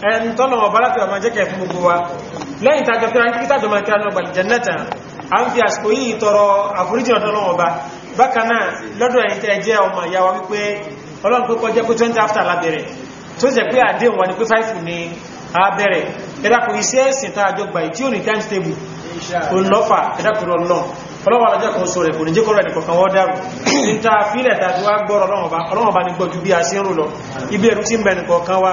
ẹni tọ́nà ọba láti ọmọ jẹ́kẹ̀ fún gbogbo wa lẹ́yìn tàbí pé àti tàbí ọmọ kí a náà gbàlì jẹ́nẹ́ta a ń fi àsìkò yìí tọrọ àforíjì ọ̀tọ́nà ọba bákanáà lọ́dọ̀ ẹ̀yìn tẹ́ jẹ́ after lábẹ̀rẹ̀ tó jẹ́ pé àdéhùn wa ni pé 5 ni abẹ́rẹ̀ ẹ̀dàkùn iṣẹ́ ẹ̀sìn tá a jọ gbà tí ò ní times table olùlọ́fà ẹ̀dàkùn ọlọ́run ọlọ́wọ́ alájọ́ kan sọ rẹ̀ kò ní jẹ́ kọ́rọ̀ ẹnìkọ̀kan wọ́n dárò níta fílẹ̀ tàbí wá gbọ́rọ̀ ọlọ́run ní gbọ́jú bí a sí ń rò lọ ibi ẹ̀rú tí ń bẹ nìkọ̀ọ̀kan wá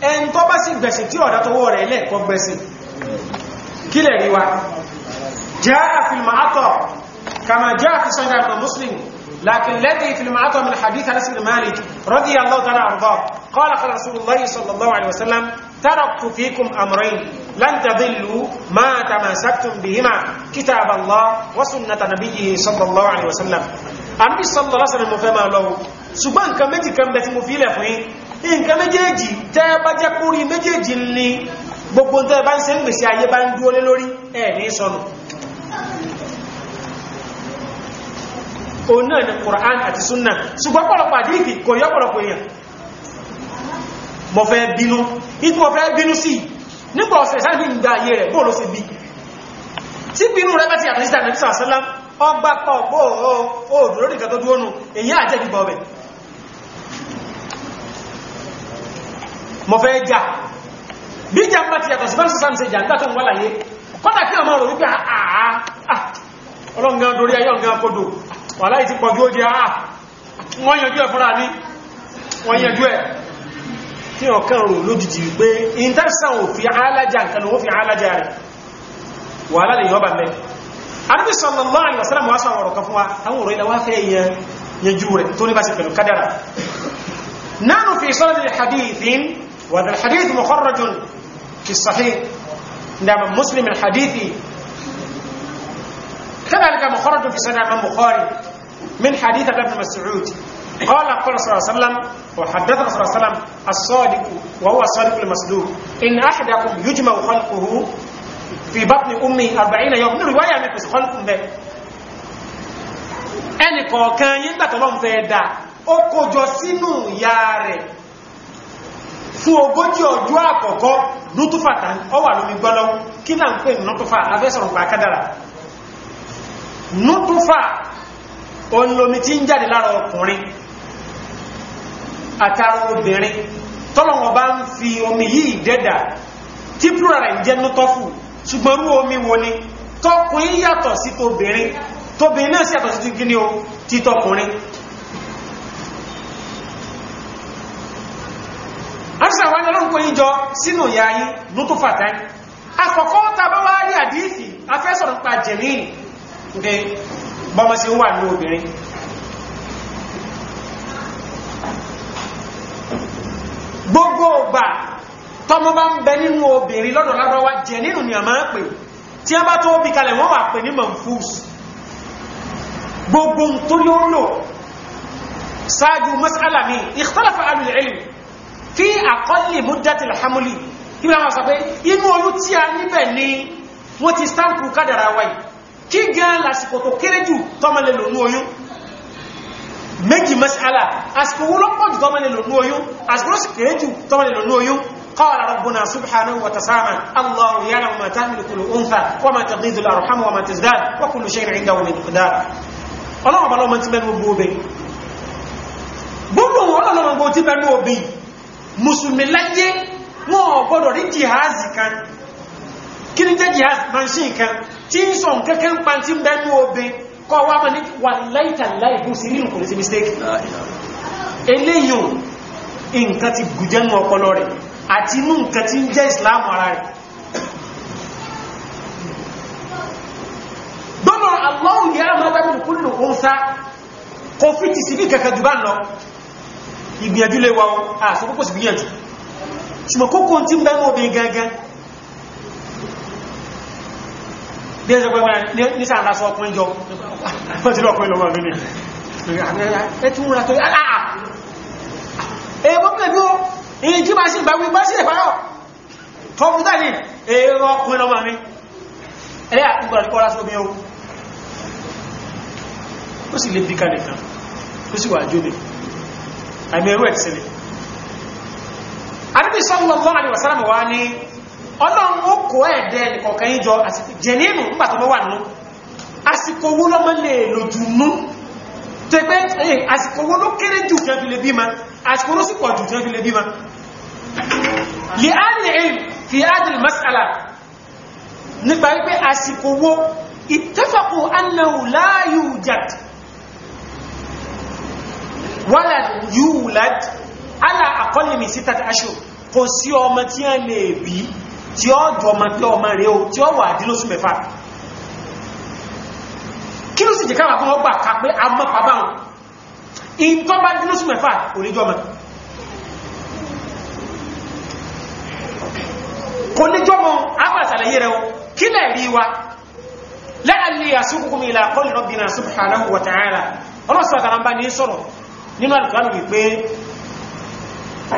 ẹn tó bá sì gbẹ̀sìn tí ọ̀dá tọwọ́ rẹ̀ lẹ́ẹ̀kọ́ gbẹ̀sìn kí lẹ̀ rí wa jẹ́ àfilmọ̀ àtọ̀ kama jẹ́ àfisọ́jà àtọ̀ muslim لكن الذي في المعطى من حديث انس بن مالك رضي الله تعالى عنه قال قال رسول الله صلى الله عليه وسلم تركت فيكم امرين لن تضلوا ما تمسكتم بهما كتاب الله وسنه نبيه صلى الله عليه وسلم النبي صلى الله عليه وسلم فما له سبحان كم تكم بتمفيله فيه nǹkan méjèèjì tẹ́ bá jẹ́ kúrí méjèèjì ní gbogbo tẹ́ bá ń ṣe ń gbèsè ayé bá ń dúó lé lórí ẹ̀ ní òun náà ni Qur'an àti súnà ṣùgbọ́n pọ̀lọpọ̀ àdíkì kò yọ pọ̀lọpọ̀ èèyàn mo fẹ́ bínú ikú mo fẹ́ bínú sí nípa ọ̀sẹ̀ sáàbí ìgbà ayé rẹ̀ bóòló sí bí tí bínú rẹ̀ bẹ́ ti àtàlísà nàìjíríà sálám ọgbà pọ̀ bóòó òòdúró nìkan mo fẹ́ jà bí jà ń bá ti yàtọ̀ sí fẹ́rẹ́ sísá ń ṣe jà nígbà tó ń wálà yé kọ́dà kí ọmọ rò wípé àà ah, ah, ah, ọlọ́ngan dorí ayé ọ̀ngan kodò wà láì ti pọ̀ bí ó di àà wọ́n yanjú ẹ̀ fúnra ní wọ́n yanjú ẹ̀ tí ọ̀kan rò lójijì pé intẹ́sàn ò fi alájà nǹkan ló fi alájà rẹ̀ wàhálà lè yọ́ bà mẹ́ àdúgbò sallallahu fi sọ́lọ́dẹ̀ hadithin وهذا الحديث مخرج في الصحيح عند نعم، مسلم الحديث كذلك مخرج في سنة من بخاري من حديث ابن مسعود قال قال صلى الله عليه وسلم وحدثنا صلى الله عليه وسلم الصادق وهو الصادق المصدوق إن أحدكم يجمع خلقه في بطن أمه أربعين يوم من رواية من قصة خلق به أني kọ̀ọ̀kan yín الله مفيدا أكو dà ياري fún ogójì ọjọ́ àkọ́kọ́ nútúfà tàn ọwà lómi gbọ́lọ́wọ́ kí náà ń pè nútúfà afẹ́sọ̀rọ̀ pa kádàrà nútúfà olómi tí ń jáde lára ọkùnrin àtàrà obìnrin tọ́lọ̀wọ̀n bá ń fi omi yìí dẹ́dà tí plúra rẹ̀ ń jẹ́ nútọ́fù ṣùgbọ́n rú omi sàn wá lọ́rùn kó yíjọ sínú ìyá yín ló tó fàtà yín àkọ́kọ́ tàbá wá rí àdífì afẹ́sọ̀rọ̀ pa jẹ̀míìn ní bọ́mọ́ sí wà ní obìnrin gbogbo ọgbà tọmọ bá ń bẹ nínú obìnrin lọ́dọ̀ lárọ́wá jẹ nínú ni a máa pè tí a bá tó bí kalẹ̀ wọ́n wà pè ní manfus gbogbo tó ní lò ṣáájú mas'ala mi ikhtalafa alul ilmi fi àkọlì múdẹ́tìl hamuli kí wọ́n sọ pé inú oyún tí a níbẹ̀ ni wọ́n ti stampu kádàrà wáyé kí gan lásìkò tó kéré jù tọ́mọlẹ̀ lónú oyún méjì masala àsìkò wúlọ́ pọ̀ jù tọ́mọlẹ̀ lónú oyún àsìkò ló sì kéré jù tọ́mọlẹ̀ lónú oyún قال ربنا سبحانه وتسامى الله يعلم ما تحمل كل انثى وما تغيض الارحام وما تزداد وكل شيء عنده بمقدار ọlọ́run الله lọ́mọ من mẹ́nu gbogbo obìnrin gbogbo wọn lọ́lọ́run gbogbo tí mùsùlùmí láyé wọn ò gbọ́dọ̀ rí jihaazi kan kí ni jẹ́ jihaazi machine kan tí ń sọ nkankan pa ti ń bẹnu obe kọ́ wá mọ́ ní wà láìta láì bú sí nínú kò ní sí mistake eléyìn nǹkan ti gùjẹ́nu ọpọlọ rẹ̀ Allah yẹ́ àmọ́ bẹ́bùn kúlù ó ń sá kò fi ti sí bí kẹkẹ jù lọ ìgbìyànjú lè wọ́n àṣọ púpọ̀ sí gbìyànjú ṣùgbọ́n kókò tí ń bẹ́ mọ́ obìnrin gangan bí ẹ́ sọ pé ní sàrà sọ ọkùnrin jọ fẹ́tìlọ ọkùnrin lọ́wọ́ mi ní ẹ̀tùnra tó yá ẹ̀wọ́n pẹ̀lú èyí tí máa sí ìgbà wí bá sí ìpárọ̀ tọ́mù dání ẹ̀rọ ọkùnrin lọ́wọ́ mi ẹ̀yà ìgbàlùkọ́ lásán omi ó sì lè bí kalẹ̀ kan ó sì wà jóde àmẹ́rú ẹ̀ sílẹ̀ àdúgbì sallallahu alaihi wasallam wá ní ọlọ́run ó kó ẹ̀dẹ́ nìkọ̀ọ̀kan yíjọ jẹ̀nínú pàtàkì wà nù àsìkò owó lọ́mọ lè lòjù nú tẹgbẹ́ àsìkò owó ló kéré jù jẹ́ fi lè bí ma àsìkò ló wọ́lá yúwùlád alá àkọlìmì sí tàtà aṣò kò sí ọmọ tí a lè bí tí ó jọ ọmọ pé ọmọ rẹ̀ o tí ó wà dílóṣù mẹ́fà kí ló sì jẹ́ káwà kún ọgbà ká pé a mọ́ pàbá wọn in tó bá dílóṣù mẹ́fà kò lè jọmọ kò lè jọmọ agbàsàlẹ̀ rẹ̀ o kí lẹ̀ rí wa lẹ́ẹ̀lẹ́ àṣùkùnkùn ìlà àkọlì rọ̀bìnà subhanahu nínú àlùkánù wípé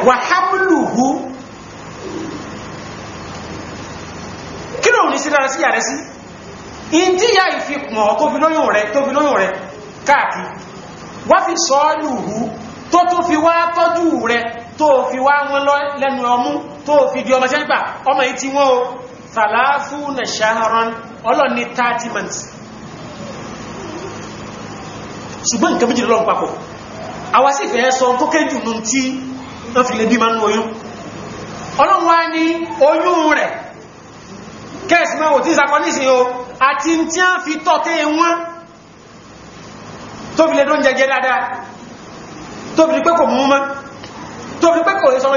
wàhámùlùhù kí ló ní sí lára sí yàrá sí ìdíyà ìfipùn ọ̀ tó fi lóyún rẹ̀ tó fi lóyún rẹ̀ káàkiri wọ́n fi sọ́ọ́lùhù tó tó fi wá tọ́jú rẹ̀ tó fi wá wọn lẹ́nu ọmú tó fi di ọmọ sẹ́gbà ọmọ yìí tí wọ́n o thalathuna shahran ọlọ́ni 30 months ṣùgbọ́n nǹkan méjìlélọ́n papọ̀ àwa sì fẹ́ sọ tó kéjù nù tí wọ́n fi lè bí máa ń oyún ọlọ́run wá ní oyún rẹ̀ kẹ́ẹ̀sì máa wò tí ìsàkọ́ nísìn o àti tí a fi tọ́tẹ́ wọn tó fi lè dún jẹjẹ dáadáa tó fi pé lè sọmọ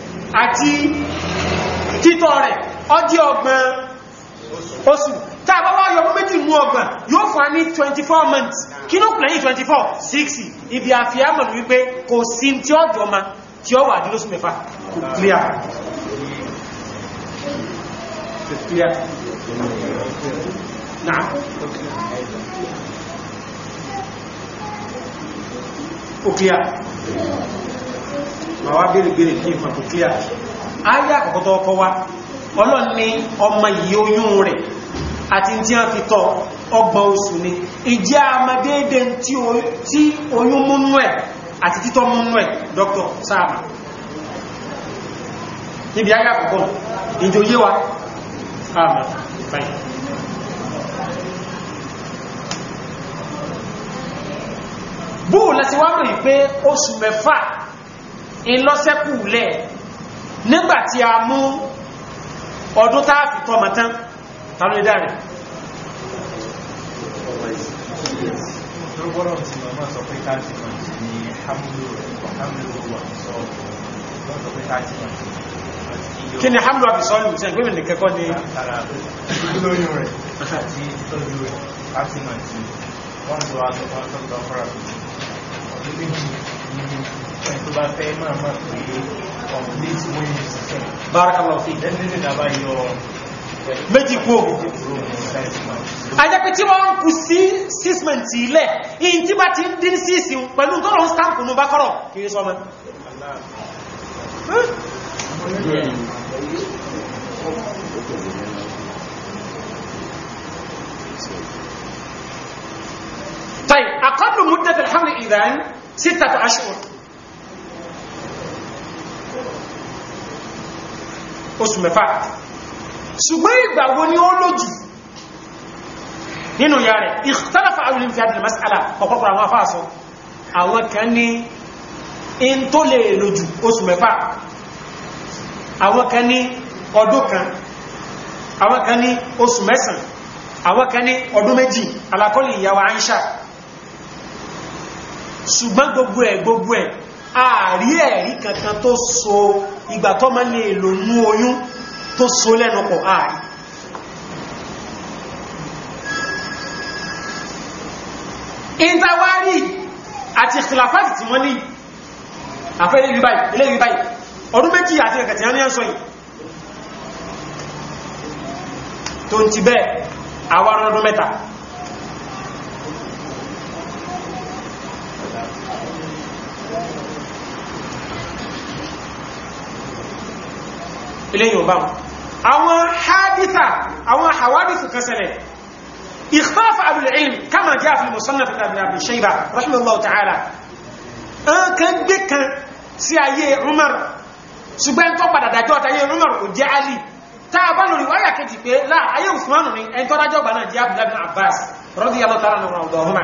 àti títọ́ rẹ̀ ọdí ọgbọ̀n oṣù tá a bá wá yọ méjì mú ọgbọ̀n yóò fún ní 24 months kí ló kù lẹ́yìn 24 60 ibi àfihàmọ̀ wípé kò sí tí ó jọ ma tí ó wà dúró sí mẹ́fà kò clear clear Naam. clear ma wá bèèrè bèèrè kí ìfà tó kíyà ayé àkọ́kọ́tọ́ ọkọ́ wá ọlọ́n ní ọmọ yìí oyún rẹ̀ àti tí a fi tọ́ ọgbọ̀n oṣù ni ìjẹ́ amadéédé tí oyún múnú ẹ̀ àti títọ́ múnú ẹ̀ dr sáàmà níbi ayé àkọ́kọ́ ìjòyé wa sáàmà báyìí bóò láti wá mọ̀ pé oṣù mẹ́fà ìlọ́sẹ́kù lẹ̀ nígbàtí a mú ọdún tá a fi tọmọ tán tánú ìdá rẹ̀ kí ni hamlu abisọ́lù tí ẹgbẹ́ mi nìkẹ́kọ́ ni lóyún rẹ̀ àti ìtọ́jú rẹ̀ láti mọ̀ tí wọ́n tó wá sọ́kọ́ sọ́kọ́ fọ́ra tó ẹni tó bá fẹ́ máa máa pè é ọ̀rọ̀ ní tí wọ́n yẹ sísẹ́ bárakàlọ́ sí ìdẹ́nìdẹ́ ìdàbá yọ méjì kú òkú ajẹ́ pé tí wọ́n kú sí sísmẹ̀ntì ilẹ̀ in tí bá ti dín sí ìsìn pẹ̀lú tọ́rọ stampu ní bákọ́rọ̀ kìí sọmọ طيب أقل مدة الحمل إذن ستة أشهر oṣù mẹ́fà ṣùgbọ́n ìgbà wo ni ó lójú nínú ìyá rẹ̀ ìtàlàfà àwọn olùfíàdì lè masala ọ̀pọ̀pọ̀ àwọn afáàsọ àwọn kan ní in tó lè lójú oṣù mẹ́fà àwọn kan ní ọdún kan àwọn kan ní oṣù mẹ́sàn àwọn kan ní ọdún méjì alakọ́lì ìyàwó Aisha ṣùgbọ́n gbogbo ẹ̀ gbogbo ẹ̀ ààrí ẹ̀rí kankan tó so ìgbà tó máa lè lò mú oyún tó so lẹ́nu pọ̀ ààrí ìntawárí àti ìtìlàfáàtì tí wọ́n ní àfẹ́ ilé ìrí báyìí ọdún méjì àti ẹ̀kẹ̀tì rán ní ẹ̀sọ́ yìí tó ń ti bẹ́ẹ̀ àwọn ọdún mẹ́ta eléyìn ọba àwọn hadita àwọn hawadisu kan ṣẹlẹ̀ اختلاف أبو العلم كما جاء في المصنف ابن أبي شيبة رحمه الله تعالى أن كان بك سيايي عمر ṣùgbọ́n tó padà dájọ́ tayé Umar kò jẹ́ Ali táà bá lórí wáyà kejì pé láà ayé Usman ní ẹni tó dájọ́ gbà náà jẹ́ Abdullahi Abbas radiyallahu ta'ala anhu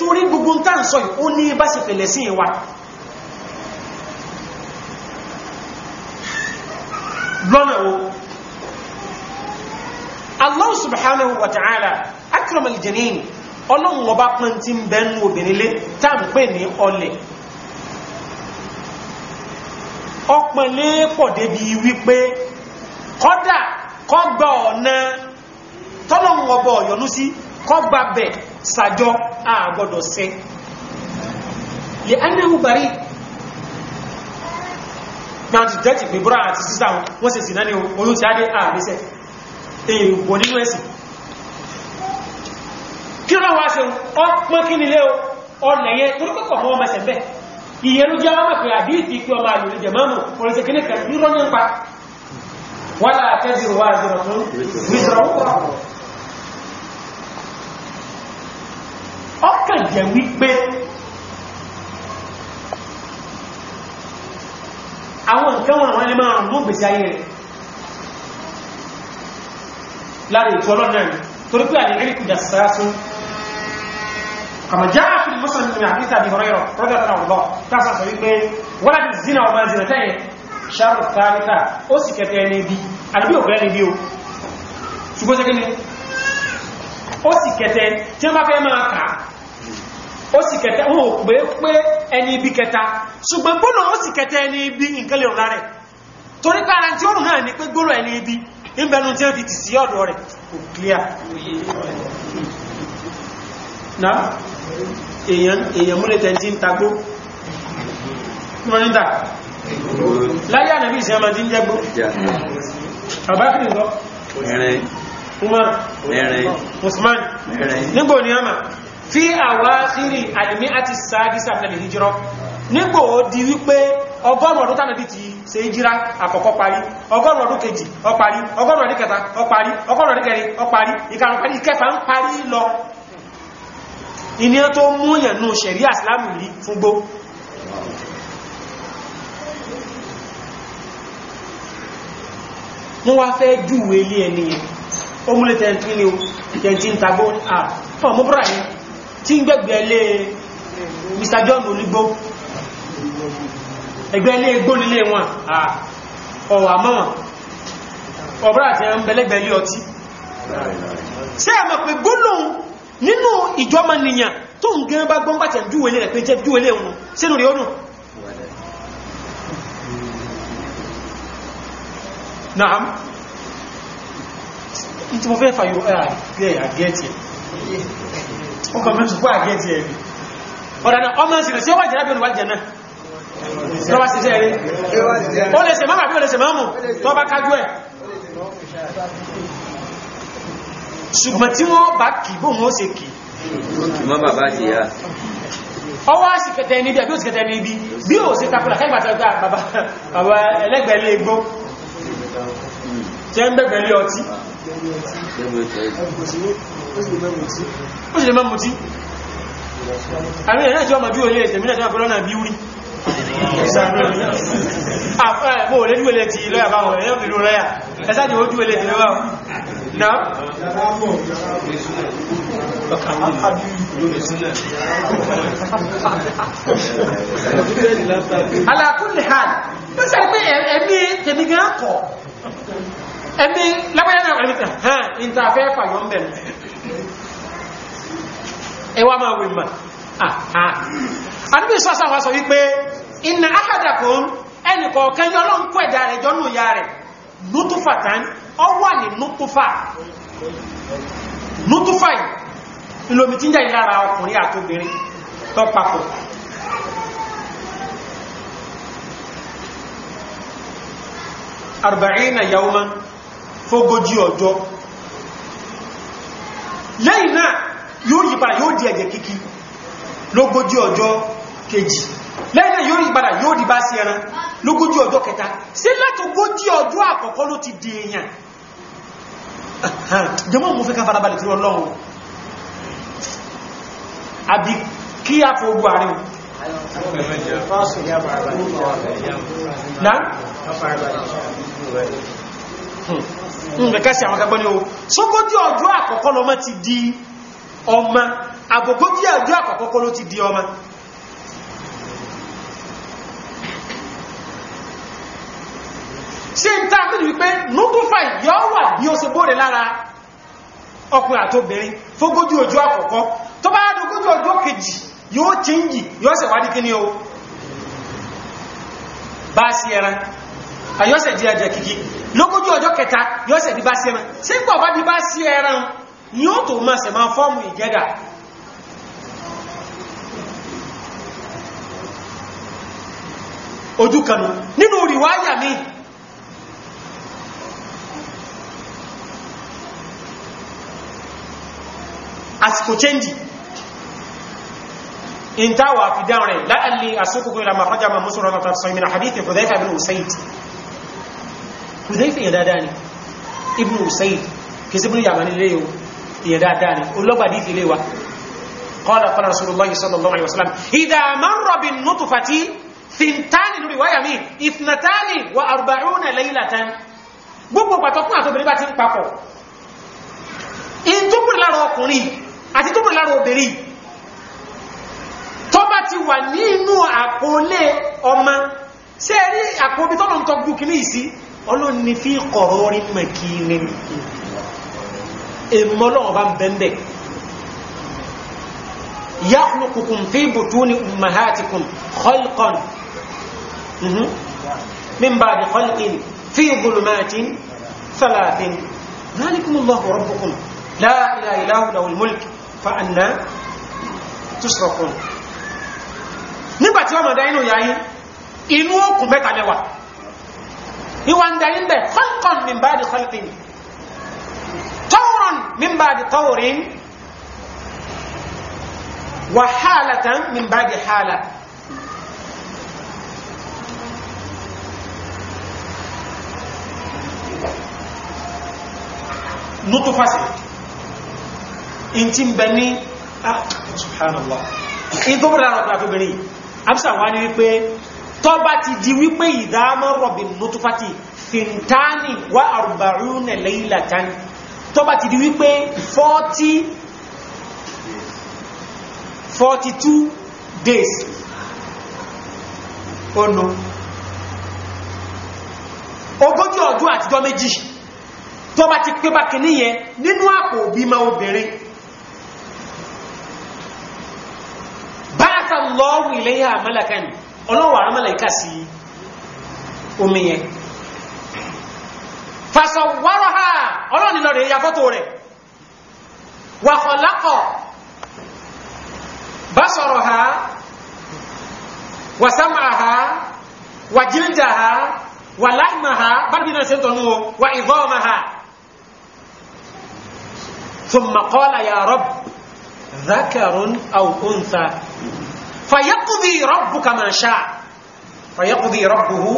nítorí gbogbo ń sọ ó ní bá sì pẹ̀lẹ̀ sí ìwà lọ́nà wo Allah subhanahu wa ta'ala akram al-janin ọlọ́run ọba pín tí ń bẹnu obìnrin lé tá ń pè ní ọlẹ̀ pọ̀ débi wípé kọ́dà kọ́gbà ọ̀nà tọ́lọ́run ọba sí kọ́gbà sàjọ́ àgbọ́dọ̀ sí lè anáhù bari náà ti jẹ́ ti pè búrá àti sísà wọ́n sì sì náà ni olóòtí adé àbẹ́sẹ̀ èèwọ̀ nínú ẹ̀sìn kí lọ́wọ́ wá ṣe ọpọ́ kí nílé ọlẹ̀yẹ tó rúkọ̀kọ̀ mọ́ ọmọ ẹsẹ̀ bẹ́ ìyẹn ló jẹ́ ọmọ pé àdíìtì kí ọmọ àlòrì jẹ mọ́mù oríṣẹ́ kí ní kẹrì rírọ́ nípa wọ́n láàtẹ́ zero wá zero tún jẹ́ wípé àwọn nǹkan wọn àwọn ẹlẹ́mọ̀ àrùn ló gbèsè ayé rẹ̀ lára ètò ọlọ́nà rẹ̀ torí pé àdìrí kùjà sára sún kàmà já fi mọ́sàn ní àdíta bí ọ̀rọ̀ rọ́dọ̀ tánà ọ̀lọ́ tásà sọ wípé wọ́n láti zina ọba zina tẹ́yẹ ṣàrù tánítà ó sì kẹtẹ ẹni bí àdúgbò bẹ́ẹ̀ ni bí o ṣùgbọ́n ṣe kí ni ó sì kẹtẹ tí wọ́n bá fẹ́ máa kàá ó sì kẹta wọn ò pé pé ẹni ibi kẹta ṣùgbọ́n gbọ́nà ó sì kẹta ẹni ibi nǹkan lè rọra rẹ̀ torí pàrà tí ó rùn náà ni pé gbọ́rọ̀ ẹni ibi ìbẹnu tí ó fi tì sí ọ̀dọ̀ rẹ̀ kò clear na èèyàn múlẹ̀ tẹ́ntí ń tagbó mọ́nítà láyé ànàbí ìṣẹ́ ọmọdé ń jẹ́gbó àbákìrì lọ fi àwáṣírí àdìmí àti sáàdìsà mẹ́lẹ̀ hijira nígbò ó di wípé ọgọ́rùn ọdún tánàbí ti ṣe hijira àkọ́kọ́ parí ọgọ́rùn ọdún kejì ó parí ọgọ́rùn ọdún kẹta ó parí ọgọ́rùn ọdún kẹrin ó parí ìkarùn parí ìkẹfà ń parí lọ ìníyàn tó múyàn nù ṣẹ̀rí àsìlámù rí fún gbó wọ́n wá fẹ́ júwèé ilé ẹni ọmúlẹ̀ 13 ni ó 13 tàbí àà fún tí ń gbẹ̀gbẹ̀ ilé Mr. John olígbó ẹgbẹ́ ilé igbó nílé wọn ọ̀wà mọ́wọ̀n ọ̀bọ̀rọ̀ àti ẹran bẹ̀lẹ́gbẹ̀ ilé ọtí ṣe àmọ̀ pé gbólóhùn nínú ìjọmọ̀ nìyàn tó ń gẹ́rẹ́ bá gbọ́n pàtẹ̀ júwelé rẹ̀ pé jẹ́ júwelé wọn sínú rí ọdún náà ní tí mo fẹ́ ó kọ̀ mẹ́tù fún àgẹ́ ti ẹ̀rí ọ̀dàdà ọmọ ìsìnkà sí ọwà ìjẹ́lábí olùwà jẹ́nà lọ́wà sí ẹ̀rí ó lè ṣe máa bí ó lè ṣe máa mú tó bá kájú ẹ̀ ṣùgbọ́n tí wọ́n bá kì bó wọ́n ṣe kì ọwọ́ àṣìkẹtẹ níbi àbí òṣìkẹtẹ níbi bí ó ṣe takùlà kẹgbàtàgbà bàbá ẹlẹ́gbẹ̀ẹ́lẹ́ igbó jẹ́ ń bẹ̀gbẹ̀lẹ́ ọtí ó sì lè máa mú tí àmì ẹ̀rẹ́ ìjọ ọmọ bí òye ìtẹ̀mí náà tó lọ́nà bí wúrí ah, eh, mo ò lè dúwẹ́lẹ̀ tí lọ́yà bá wọ̀n ẹ̀yọ́ pẹ̀lú lọ́yà ẹ̀sáàdì ó dúwẹ́lẹ̀ tí lọ́wọ́ náà alákùnlé hàn ló sẹ́rẹ̀ pé ẹ̀mí tẹ̀mí gan kọ̀ ẹ̀mí lápẹ́ ẹwà máa wè mà ah, ah. àdúgbò sọ́sà wa sọ wípé ìnà akadàkùn ẹnì kọ̀ọ̀kan yọ lọ́n kó ẹ̀dà rẹ̀ jọ́nù ìyá rẹ̀ nútúfà tán ọ wà ní nútúfà nútúfà yìí ìlòmí tí ń jáde lára ọkùnrin àtòbìnrin tó papọ̀ arba'ina yawman fógójì ọjọ́ lẹ́yìn náà yóò yí padà yóò di ẹ̀jẹ̀ kíkí lógójì ọjọ́ kejì lẹ́yìn náà yóò yí padà yóò di bá sí ẹran lógójì ọjọ́ kẹta sí látògójì ọjọ́ àkọ́kọ́ ló ti di èèyàn jẹmọ́ mú fẹ́ ká farabalẹ̀ tí ọlọ́run àbí kí a fò ogun àárín náà ń hmm, gẹ̀kẹ́ sí àwọn kagbọ́n ní o sógójì ọjọ́ àkọ́kọ́ lọ mọ́ ti di ọmọ àbògbó tí àjọ àkọ́kọ́ ló ti di ọmọ ṣe ń tá àmì wípé nútúfà yọ́ wà bí ó ṣe bóre lára ọkùnrin àtóbìnrin fógójú ojú àkọ́kọ́ tó bá dógójú ojú kejì yóò chíǹjì yóò ṣe wádìí kíní o bá sí ẹran àyọ́sẹ̀ di ẹjẹ̀ kìkì lógójú ọjọ́ kẹta yóò ṣe di bá sí ẹran ṣé ń pọ̀ bá di bá sí ẹran ni ó tó máa sẹ̀má fọ́ọ̀mù ìjẹ́gà ojú kanu nínú ríwáyà mi àsìkò chẹ́ndì in táwà fi dáwọn rẹ̀ láàrín àsìkòkò ìlà mafájá ma mọ́sùn rọ̀tọ̀ sọ ìmìnà hadithi Hudhaifa ibn Usaid Hudhaifa yà dáadáa ni ibn Usaid kìí sí ibn Yamani lè yóò ìyẹn dáadáa ni olóògbàdì ìfìlẹ̀ wa qala qala rasulullahi sallallahu alaihi wasallam idha marra bin nutfati thintani lórí wáyà mi ithnatani wa arba'una laylatan gbogbo pàtó fún àtòbìnrin bá ti ń papọ̀ in ọkùnrin àti èmọ́ lọ́wọ́ bá ń bẹ́ńbẹ́ yakhluqukum fi butuni ummahatikum khalqan mhm. min ba'di khalqin fi dhulumatin thalathin dhalikum Allahu rabbukum la ilaha illa huwa lahul mulk fa anna tusrafun nígbàtí ọmọ dá inú yáyí inú òkun mẹ́ta mẹ́wàá ìwà ń bẹ̀ khalqan min ba'di khalqin طورا من بعد طور وحالة من بعد حالة نطفة انتم بني آه. سبحان الله in tó bọ̀rọ̀ àrọ̀pàá tó bìnrin absa wá ní wípé tọ́ bá ti di wípé ìdámọ́ rọ̀bìn nótúfàtì fìntáni wá àrùbàrún lẹ́yìnlá tánì tó bá ti di wípé 40 42 days oh no ogójì ọdún àtijọ́ méjì tó bá ti pé bákẹ níyẹn nínú àpò òbí ma obìnrin báyàtà lọ́wọ́ ilẹ̀ yà mẹ́lẹ̀kẹ́ ọlọ́wọ́ àmàlẹ̀kà sí omi yẹn fasawwaraha ọlọ́ni lọ rẹ̀ yàfọ́tò rẹ̀ wa khalaqa basaraha wa sam'aha wa jildaha wa lahmaha bárbí náà sí tọ́nú wa idhamaha thumma qala ya rabb dhakarun aw untha fayaqdi rabbuka ma sha'a fayaqdi rabbuhu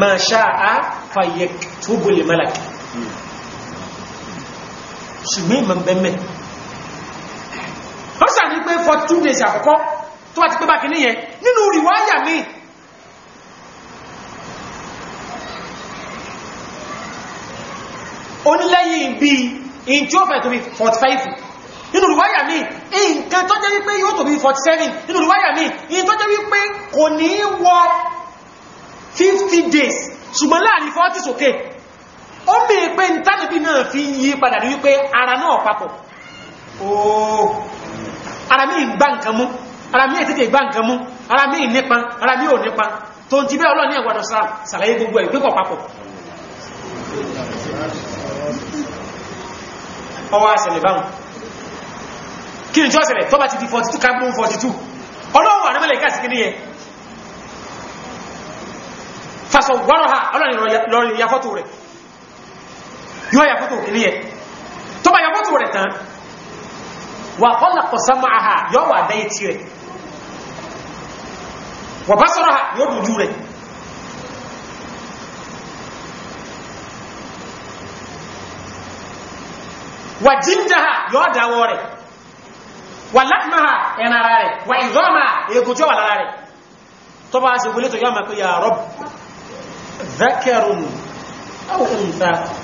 ma sha'a fayyek túbù lè mẹ́làkì ṣùgbọ́n ìmọ̀ bẹ́mẹ̀ ó sàní pé for two days àkọ́kọ́ tó wá ti pé bákì níyẹn nínú rìwáyà mi onílẹ́yìn bí in tí ó fẹ́ tó bí 45 nínú rìwáyà mi nǹkan tó jẹ́ wípé yóò tó bí 47 nínú rìwáyà mi in tó jẹ́ wípé kò ní wọ 50 days ṣùgbọ́n láàrin 40 okay. ó bèè pé ń tánàbí náà fi yí padà rí wípé ara náà papọ̀ ooo ara mi gbá nǹkan ara mi ètìtì gbá nǹkan ara mi nípa ara mi ò nípa tó ti bẹ́ ẹ̀wọ̀dọ̀ sàlàyé gbogbo ẹ̀ papọ̀ ọwọ́ àṣẹlẹ̀ báhùn kí ni jọ́sẹ̀lẹ̀ tó bá yóò yà fọ́tò kìíní yẹ tó bá yà fọ́tò rẹ̀ tán wà kọ́lá kọ̀sámà àhà yóò wà dá etí rẹ̀ wà bá sọ́rọ̀ hà yóò dojú rẹ̀ wà jíńdà hà yóò dáwọ́ rẹ̀ wà látìmá hà ẹ̀nà ara rẹ̀ wà ìzọ́mà ègùjọ́ wà lára rẹ̀ tó bá ṣe wọlé tó yọ́ mọ̀ pé yà rọ́bù ذكر أو أنثى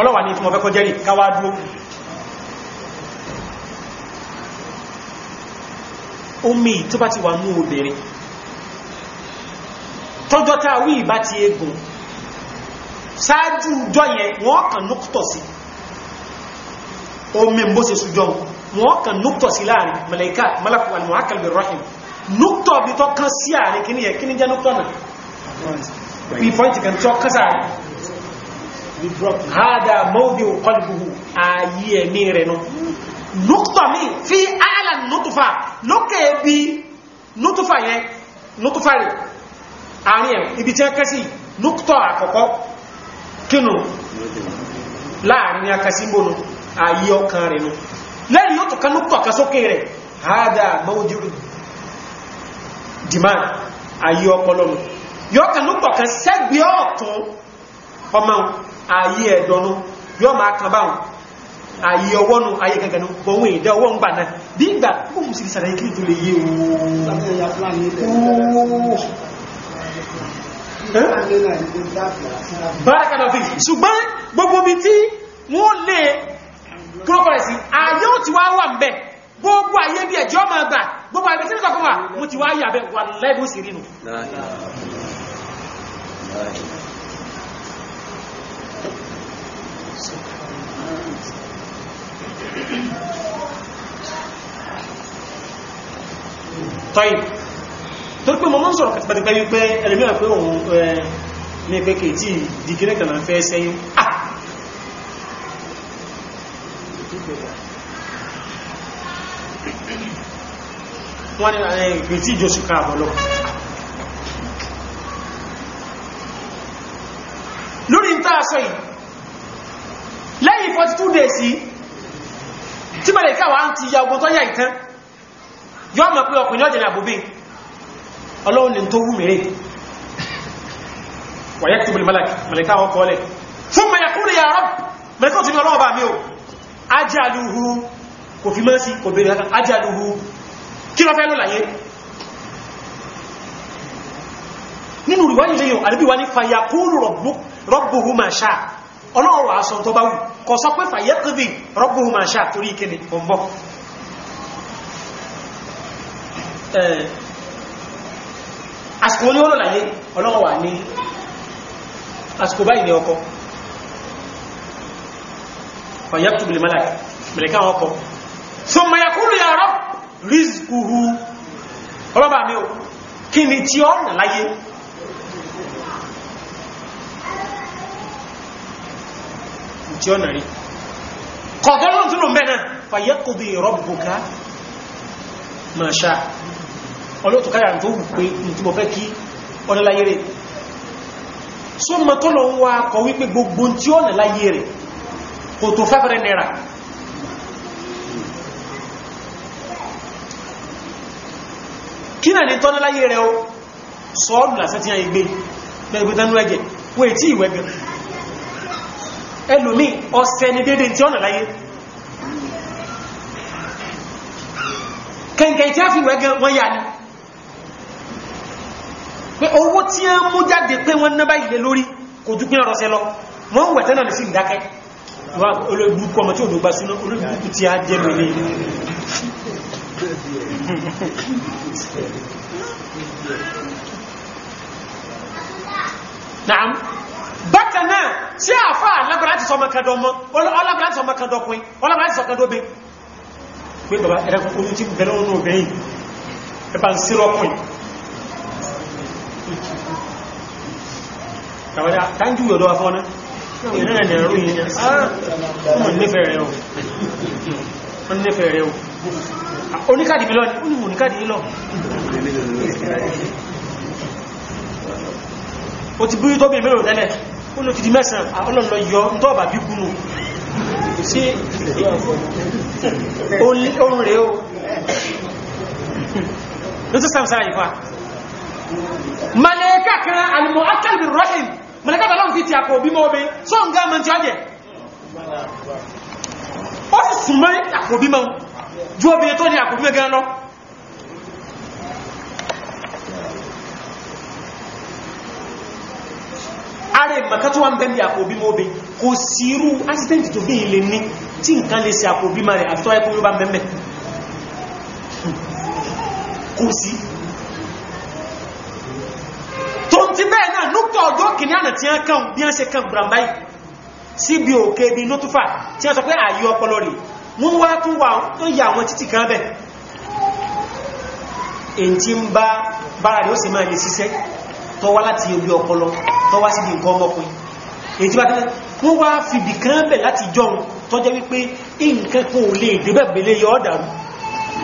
ọlọ́wà ní ìtumọ̀ fẹ́kọ́ jẹ́rì káwà dúró omi tó bá ti wà ní obìnrin tọ́jọ́ tá wí ìbá ti egun ṣáájú ìjọ yẹn wọ́n kàn núkútọ̀ sí omi mbó se sùjọ́ wọ́n kàn núkútọ̀ sí láàrin mẹ́lẹ̀ká mẹ́lẹ̀kù alìmọ̀hákàlẹ̀ rahim ni yẹ kí ni hada mọ́bí ọkọlùkù ayé ẹ̀mí rẹ̀ nù lùtọ̀mí fi ààlà nùtùfà lókè bí nùtùfà yẹn nùtùfà rẹ̀ àárín ẹ̀ ibi tí a kẹsí nùtọ̀ àkọ́kọ́ kínú láàrin akẹsí gbónú ayé ọkàn rẹ̀ nù lẹ́yìn yóò tọ̀kan nùtọ̀ kan sókè rẹ̀ hada mọ́bí dìmá ayé ọkọlọ́nù yóò kan nùtọ̀ kan sẹ́gbẹ̀ẹ́ ọ̀tún ọmọ ayé ẹ̀dọ́nú yọ́ máa kan báhùn ayé ọwọ́nú ayé gẹ̀gẹ̀nú gbọ́nwé ìdẹ́ ọwọ́ ń gbà náà bí ìgbà ó mú sí ìsàlẹ̀ ìkìlì tó lè yé ṣùgbọ́n gbogbo mi tí wọ́n lè kúrọ́pọ̀lẹ̀sì ayé ó ti wá wà ń bẹ̀ gbogbo ayé bí ẹjọ́ máa gbà gbogbo ayé tí ó kọ̀kọ́ wà mú ti wá yà bẹ̀ wà lẹ́gbùsì rínú tọ́yìn torí pé mọ́mọ́ sọ̀rọ̀ pẹ̀tẹ̀pẹ̀ wípé ẹlẹ́mìíràn pé òun ní pé kèjì dìgírí kan náà fẹ́ sẹ́yìn wọ́n ni kèjì jọsù káàbọ̀ lọ lórí ń tàà sọ yìí lẹ́yìn 42 days yìí tí mẹ́lẹ̀ káwàá ti ya ogun tó yọ́ mọ̀ pé ọkùnrin ọjọ́ ni àbúbí ọlọ́run ni tó wú mẹ́rin wàyẹ́ tí bùlì mẹ́lẹ̀ká wọn kọ́ lẹ̀ fún mẹ́yà kúrò yà rọ́ mẹ́kọ́ tí ní ọlọ́run bá mi o ajaluhu kò fi mẹ́sí kò bèèrè ajaluhu kí lọ fẹ́ ló láyé nínú ìwáyé ilé yóò àdébíwá ní fàyàkúrò rọ́bùhù máa ṣá ọlọ́run àṣọ tó bá wù kọ̀ sọ pé fàyẹ́kùbì Eh, àsìkò ní ọ̀rọ̀ láyé ọlọ́wọ̀ wà ní àsìkò báyìí ní ọkọ̀ ọ̀yẹ́kù bìlì mẹ́láì mẹ́lẹ̀ká ọkọ̀ so mẹ́yàkúrù ya rọ́ rízkùhù ọlọ́bà mi ò kí ni tí ọ nà láyé tí ọ nà rí kọ̀tọ́lọ́ ma ṣá ọlọ́tù káyà tó wù pé ìtumọ̀ fẹ́ kí ọlọ́láyé rẹ̀ só ma tó lọ ń wá kọ wípé gbogbo tí ó lọ́láyé rẹ̀ kò tó fẹ́fẹ́rẹ́ nẹ́ra kí náà ní tọ́lọ́láyé rẹ̀ ó sọ́ọ̀lù lásẹ́ tí a gbé lẹ́gbẹ̀tẹ́nú ẹgẹ̀ wọ́n ètí ìwẹ́gbẹ̀ ẹlòmí ọ̀sẹ̀ ni kẹ̀kẹ̀ tí a fi wẹ́ gan wọ́n yà ní pé owó tí a mú jáde pé wọ́n náà báyìí lé lórí kò jú pín ọ̀rọ̀sẹ́ lọ wọ́n wẹ̀ tẹ́nà lè fi ìdákẹ́ olóògbúkú ọmọ tí ò a jẹ́ mẹ́lẹ̀ naam bákan náà tí àfáà lábàrá ti sọ ọmọ kẹdọ ọmọ ọlábàrá ti sọ kẹdọ ọkùnrin ọlábàrá ti sọ kẹdọ obìnrin pé bàbá ẹ̀rẹ́ ojú tí bẹ̀rẹ̀ oòrùn obìnrin ẹbá ń sírọ́kùn tàbátà tánjú yọ̀dọ́ afọ́nà ìrìnà ẹ̀rọ yìí ọmọ nífẹ̀ẹ́ rẹ̀ o oníkàdì mílọ́ ní oníkàdì mílọ́ o ti búrú tó bí mẹ́rọ tẹ́lẹ̀ ó lọ ti di mẹ́sàn-án ọlọ́lọ́ yọ ń tọ́ bà bí kúrò sí ohun rẹ̀ o ló tó sàmsára ìfà màlẹ́kà kan alìmọ̀ akẹ́lì rọ́hìn màlẹ́kà bàlọ́n ti àpò bí mọ́ obi tó ń gáàmà tí ó jẹ́ ó sì súnmọ́ àpò bí mọ́ ju obi kò sírú accident tó bí ilé ní tí nǹkan lè ṣe àpò bímọ rẹ̀ àfi tó wáyé kó ló bá mẹ́mẹ́ kò sí tó ti bẹ́ẹ̀ náà núkọ̀ ọjọ́ kìíní àná tí wọ́n kàn bí wọ́n ṣe kàn gbàmbáyì síbi òkè ibi nótúfà tí wọ́n sọ pé ààyè ọpọlọ rẹ̀ wọ́n wá tún wà tó yà wọ́n wá fìdí kan bẹ̀ láti jọun tọ́jẹ́ wípé nǹkan kò lè débẹ̀ bẹ̀lẹ̀ yọ ọ̀dàrú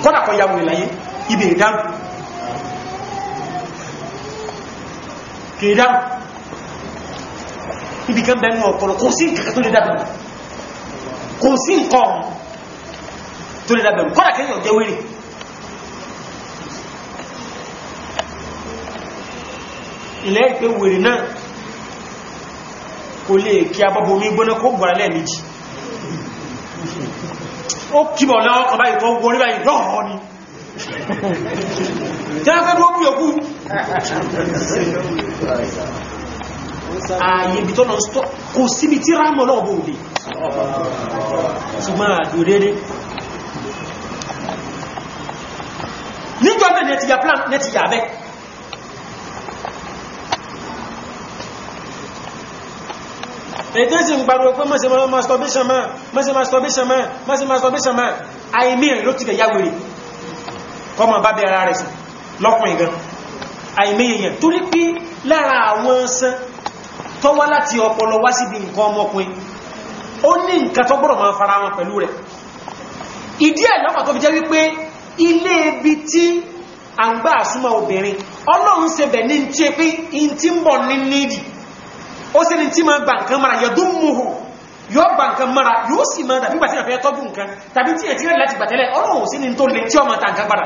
kọ́dà kan yàwó ìlàyé ibè ìdáhùn kìdáhùn ibi kan bẹ̀rẹ̀ ọ̀pọ̀lọ̀ kò sí nǹkan tó lè dábẹ̀rẹ̀ kò sí nǹkan tó lè dábẹ̀rẹ̀ kọ́dà jẹ́ wérè ilẹ̀ ìpé wèrè náà kò lè kí abọ́bọ̀ omi gbóná kó gbọ́ra lẹ́ẹ̀mejì ó kíbọ̀ lọ́wọ́ kan báyìí tó wọ ní báyìí rọ́ọ̀ ni jẹ́ tó kú yòókù ààyè ibi tọ́nà stọ́ kò síbi tí rámọ̀ náà bò lè ṣùgbọ́n àdò dédé níjọ́ bẹ́ẹ̀ nẹ́tìyà plan nẹ́tìyà bẹ́ẹ̀ ètò ìsìn gbàrò pé mọ́sí masturbation máa mọ́sí masturbation máa mọ́sí masturbation máa àìmí rẹ̀ ló ti gẹ̀ yàwèrè kọmọ bá bẹ̀ ara rẹ̀ sí lọ́kùn ìgan àìmí èèyàn torí pé lára àwọn sán tó wá láti ọpọlọ wá síbi nǹkan ọmọkùnrin ó ní nǹkan tó gbọ́dọ̀ máa fara wọn pẹ̀lú rẹ̀ ìdí ẹ̀ lọ́pàá tó fi jẹ́ wípé ilé ibi tí à ń gbà súnmọ́ obìnrin ọlọ́run ṣe bẹ̀ ní ti pé in ti ń bọ̀ ní nídìí ó sì ní tí máa gba nǹkan mara yọdún muhu yóò gba nǹkan mara yóò sì máa dàbí gbàtí ìrànfẹ́ tọ́bù nǹkan tàbí tí ẹ̀tí rẹ̀ láti gbàtẹ́lẹ̀ ọ̀rọ̀ ò sí ní tó lè tí ọmọ ta nǹkan padà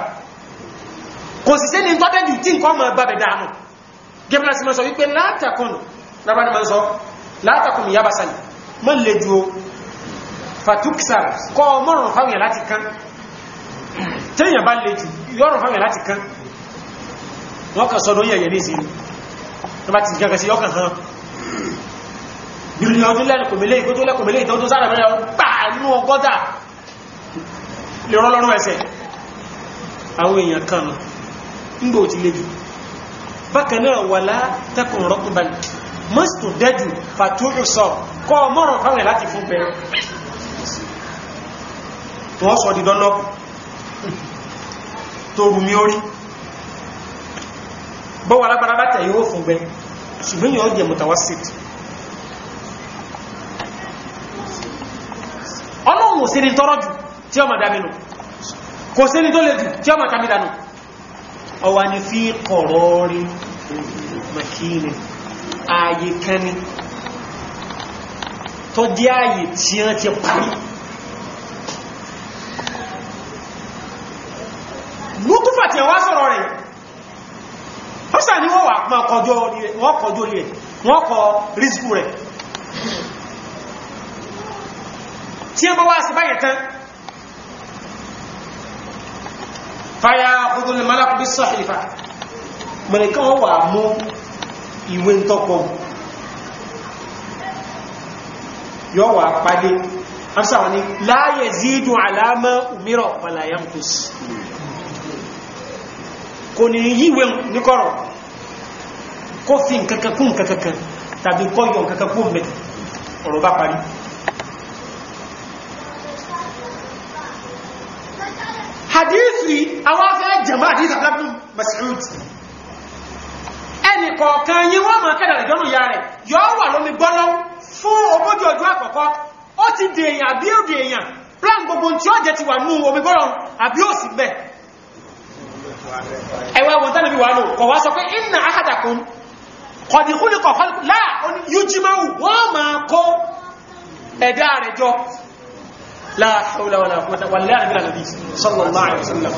kò sì sí ní tó dẹ́jù tí nǹkan ọmọ bá bẹ̀ dànù gẹ́gẹ́ láti máa sọ wípé látàkùn lábá ni máa sọ látàkùn ìyá basani mọ́ lè ju o kọ́ mọ́rùn fáwọn láti kán tẹ́yìn bá lè jù yọ́rùn fáwọn láti kán wọ́n kàn sọ́dọ̀ yẹ̀yẹ̀ ní ìsinmi yìí ọdún lẹ́nu kò mẹ́lẹ́ ìgbótó lẹ́kò mẹ́lẹ́ ìdán tó sára mẹ́rẹ̀ pàánú ọgọ́dà lè rán lọ́rún ẹsẹ̀ àwọn èèyàn kanu ńgbò ti lè jù bákan náà wà látẹ́kùn rọ́kùnbalì mọ́sùtò dẹ́jù fàtúrù sọ kọ́ mọ́rọ̀ fáwọn láti fún bẹ wọ́n sọ dídán lọ́pù tó rù mí orí bọ́wọ́ alágbára bá tẹ̀ yóò fún bẹ ṣùgbọ́n yóò jẹ mọ̀tàwásítì ọlọ́run ò síni tọ́rọ jù tí ọmọ dámi nù kò síni tó le jù tí ọmọ kàmí dànù ọwà ní fi kọ̀rọ̀ rí makíni ààyè kẹni tó jẹ́ ààyè tí wọ́n ti parí lókùfà tí wọ́n sọ̀rọ̀ rẹ̀ ó sà wọ́n wà kọjú orí rẹ̀ wọ́n kọ rísíkù rẹ̀ tí ẹ bá wá sí báyìí tán fàyà ọdún malakubi sọ́hìfà mọ̀lẹ́kẹ́ wọ́n wà mú ìwé tọ́pọ̀ yọ́ wà pàdé afẹ́sàwọn ni láyẹ̀ zídù àlámọ́ òmíràn pàlàyé kùs kò ní yíwé níkọ̀rọ̀ kó fi nkankan kún nkankan tàbí kọ́ níbi àwọn afẹ́ jẹ̀mọ́ àti ìsàblábù Mas'ud ẹnì kọ̀ọ̀kan yí wọ́n mọ̀ kẹ́dà lẹ́jọ́nù ya rẹ̀ yọ́ wà lómi gbọ́nà fún ọjọ́ àkọ́kọ́ ó ti àbí ó plan gbogbo tí ó jẹ ti wà nú omi gbọ́nà àbí ó sì bẹ̀ ẹwà لا حول ولا قوة والله من النبي صلى الله عليه وسلم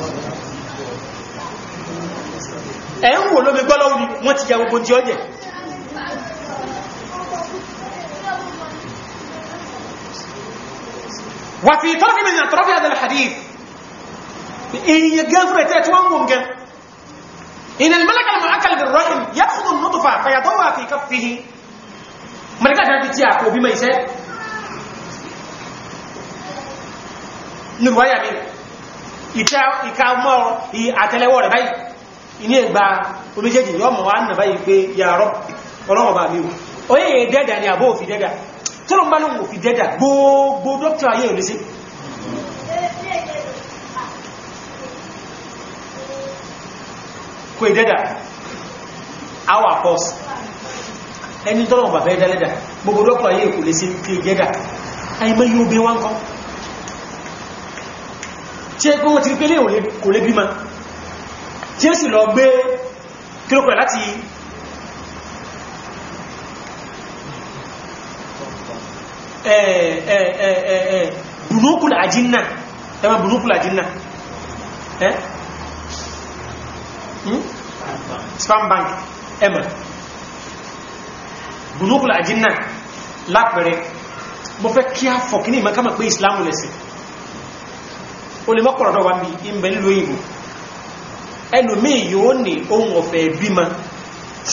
ẹ̀yìn wo ló fi gbọ́lọ́ òní wọ́n ti ya gbogbo tí ó jẹ́ wà fi tọ́kì mìíràn tọ́kì àdàlẹ̀ hadith fún ẹ̀tẹ́ tí wọ́n mú إن الملك المعكل بالرحم يأخذ النطفة فيضوها في كفه ملكة تنتهي أكو بما يسأل ní wáyà mi ìka mọ́ àtẹ́lẹwọ́ rẹ̀ báyìí ilé ẹgbà oníjẹ́jì yọ́ mọ̀ wá nà báyìí pé yàrọ̀ ọlọ́wọ̀ bá mi o yẹ́ yẹ ni àbó òfin dẹ́dà tó ló ń bá lóhun òfin dẹ́dà gbogbo dókítà ayé ò lésí kò ì dẹ́dà our pause ẹni tọ́lọ̀ bàbá ẹ̀dá lẹ́dà gbogbo dókítà ayé yóò bí wọn kọ́ tí é pé wọ́n ti rí pé lè kò lè bímọ tí é sì lọ gbé kílòpẹ̀ láti bùnúkùlà àjínà ẹmà bùnúkùlà àjínà ẹ́ spam bank ẹmà bùnúkùlà àjínà lápẹẹrẹ mo fẹ́ kí á fọ̀ kí ní ìmọ̀ ká mọ̀ pé ìsìlámù lẹ́sìn o lè mọ́kànlọ́dọ̀ wá bí i mbẹ̀ nílò òyìnbó ẹlòmíì yóò ní ohun ọ̀fẹ́ bímọ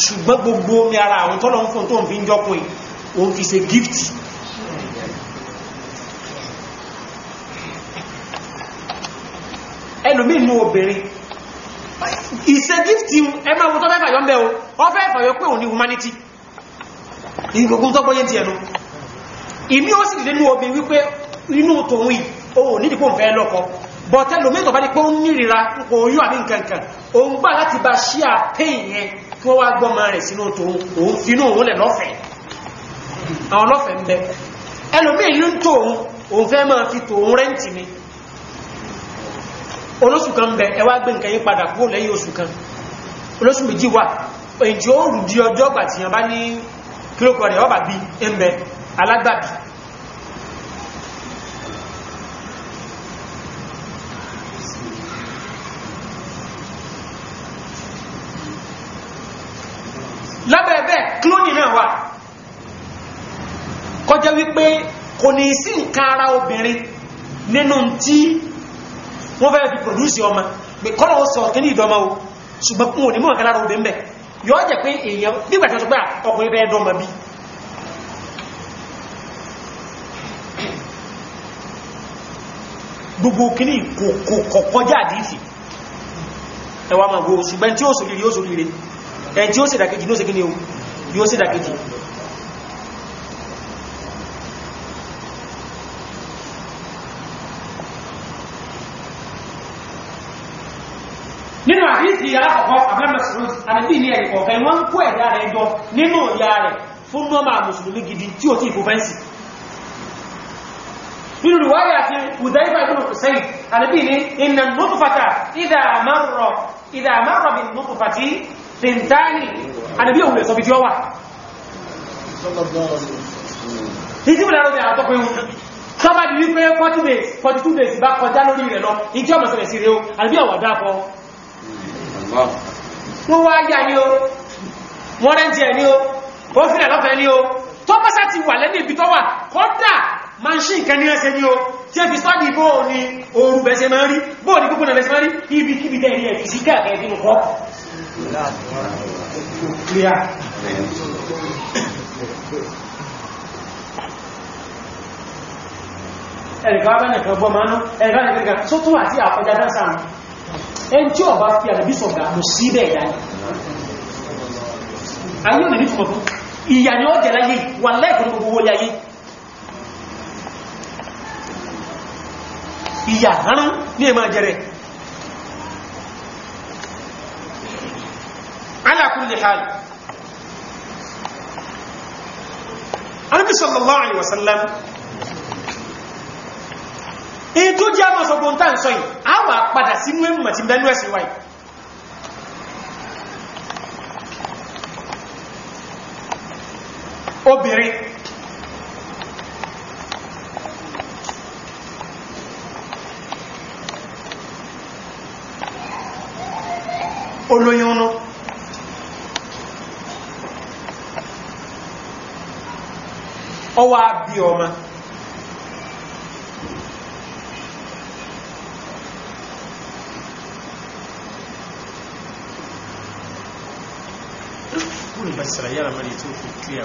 ṣùgbọ́n gbogbo omi ara àwọn tọ́lọ ń fún tó ń fi ń jọ́kùn òun fi ṣe gift ẹlòmíì nú obìnrin ìṣe gift ẹ máa wo tọ́fẹ́ fàyọ́ ń bẹ́ o ọfẹ́ fàyọ́ pé òun ní humanity ìgbògun tọ́gbọ́yé ti ẹnu ìmí ó sì dìde nú obìnrin wípé inú tòun yìí òun nídìí kó ń fẹ́ lọ́kọ bọ̀tẹ́ lómi tó bá ní pé ó nírira oyún àbí nkankan òun gbà láti bá ṣí àpéyìn yẹn kí wọ́n wá gbọ́mọ rẹ̀ sínú tòun òun finú òun lẹ̀ lọ́fẹ̀ẹ́ àwọn lọ́fẹ̀ẹ́ ń bẹ ẹlòmí ìlú ń tòun òun fẹ́ máa fi alágbàbí wípé kò ní sí nǹkan ara obìnrin nínú tí wọ́n fẹ́ fi pòdúsì ọmọ pé kọ́lọ̀ sọ kíní ìdọ́mọ o ṣùgbọ́n kún òní mọ̀ lára obìnrin bẹ̀ yọ́ jẹ́ pé èèyàn pé ọkùnrin bẹ́ẹ̀ bí gbogbo kíní kò kọjá àdífì ẹwà máa gbogbo ṣùgbọ́n tí ó sì yóò sì àdìsí alákọ̀ọ́kọ́ abẹ́mẹ̀sùn àdìsí ní ẹ̀yìn kọ̀ọ̀kan wọ́n ń kó ẹ̀dá rẹ̀ jọ nínú ìyá rẹ̀ fún nọ́mà mùsùlùmí gidi tí ó ti ìfòfẹ́ǹsì nínú ìwárí àti ìwùdáyíbà ìbùnú sẹ́yìn àdìsí ní iná nùtùfàtà ìdà àmárọ̀ bí nùtùfàtì tìǹtàní àdìsí òun èso fìdí ọwà ìdíwìlà rọ̀ ní àtọ́kùn tọ́bá di wípé 40 days 42 days bá kọjá lórí rẹ̀ lọ ìjọ́ mọ̀sẹ̀lẹ̀ sí rẹ̀ o àbí ọ̀wọ̀dá fọ́ wọ́n wá yà ní o wọ́n rẹ́ntì ẹ̀ ní o wọ́n fílẹ̀ lọ́fẹ́ ní o tó pẹ́sà ti wà lẹ́bí ibi tó wà kọ́dà manṣín kan ní ẹsẹ̀ ní o tí ẹ fi sọ́dì bó ní ooru bẹ̀ẹ́sẹ̀ máa rí bó ní gbogbo náà máa rí ibi kíbi tẹ́ ẹ̀rí ẹ̀ sí káàkiri ẹn tí ọba fi àrẹ̀bí sọ̀gá mú sí bẹ́ẹ̀ dáa ayé òní ní fún ìyà ni ó jẹ́lá yìí wà lẹ́ẹ̀kùn gbogbo wọlé ayé ìyà rán ní ẹmà jẹ́rẹ̀ ala èyí tó jẹ́ àmọ́ sọ gbóntá ń sọ yìí a wà padà sínú èmùmọ̀ tí bẹ́nu ẹ̀sìn wáyìí obìnrin olóyún náà ọwọ́ àbí ọmọ Israel amalitufukkia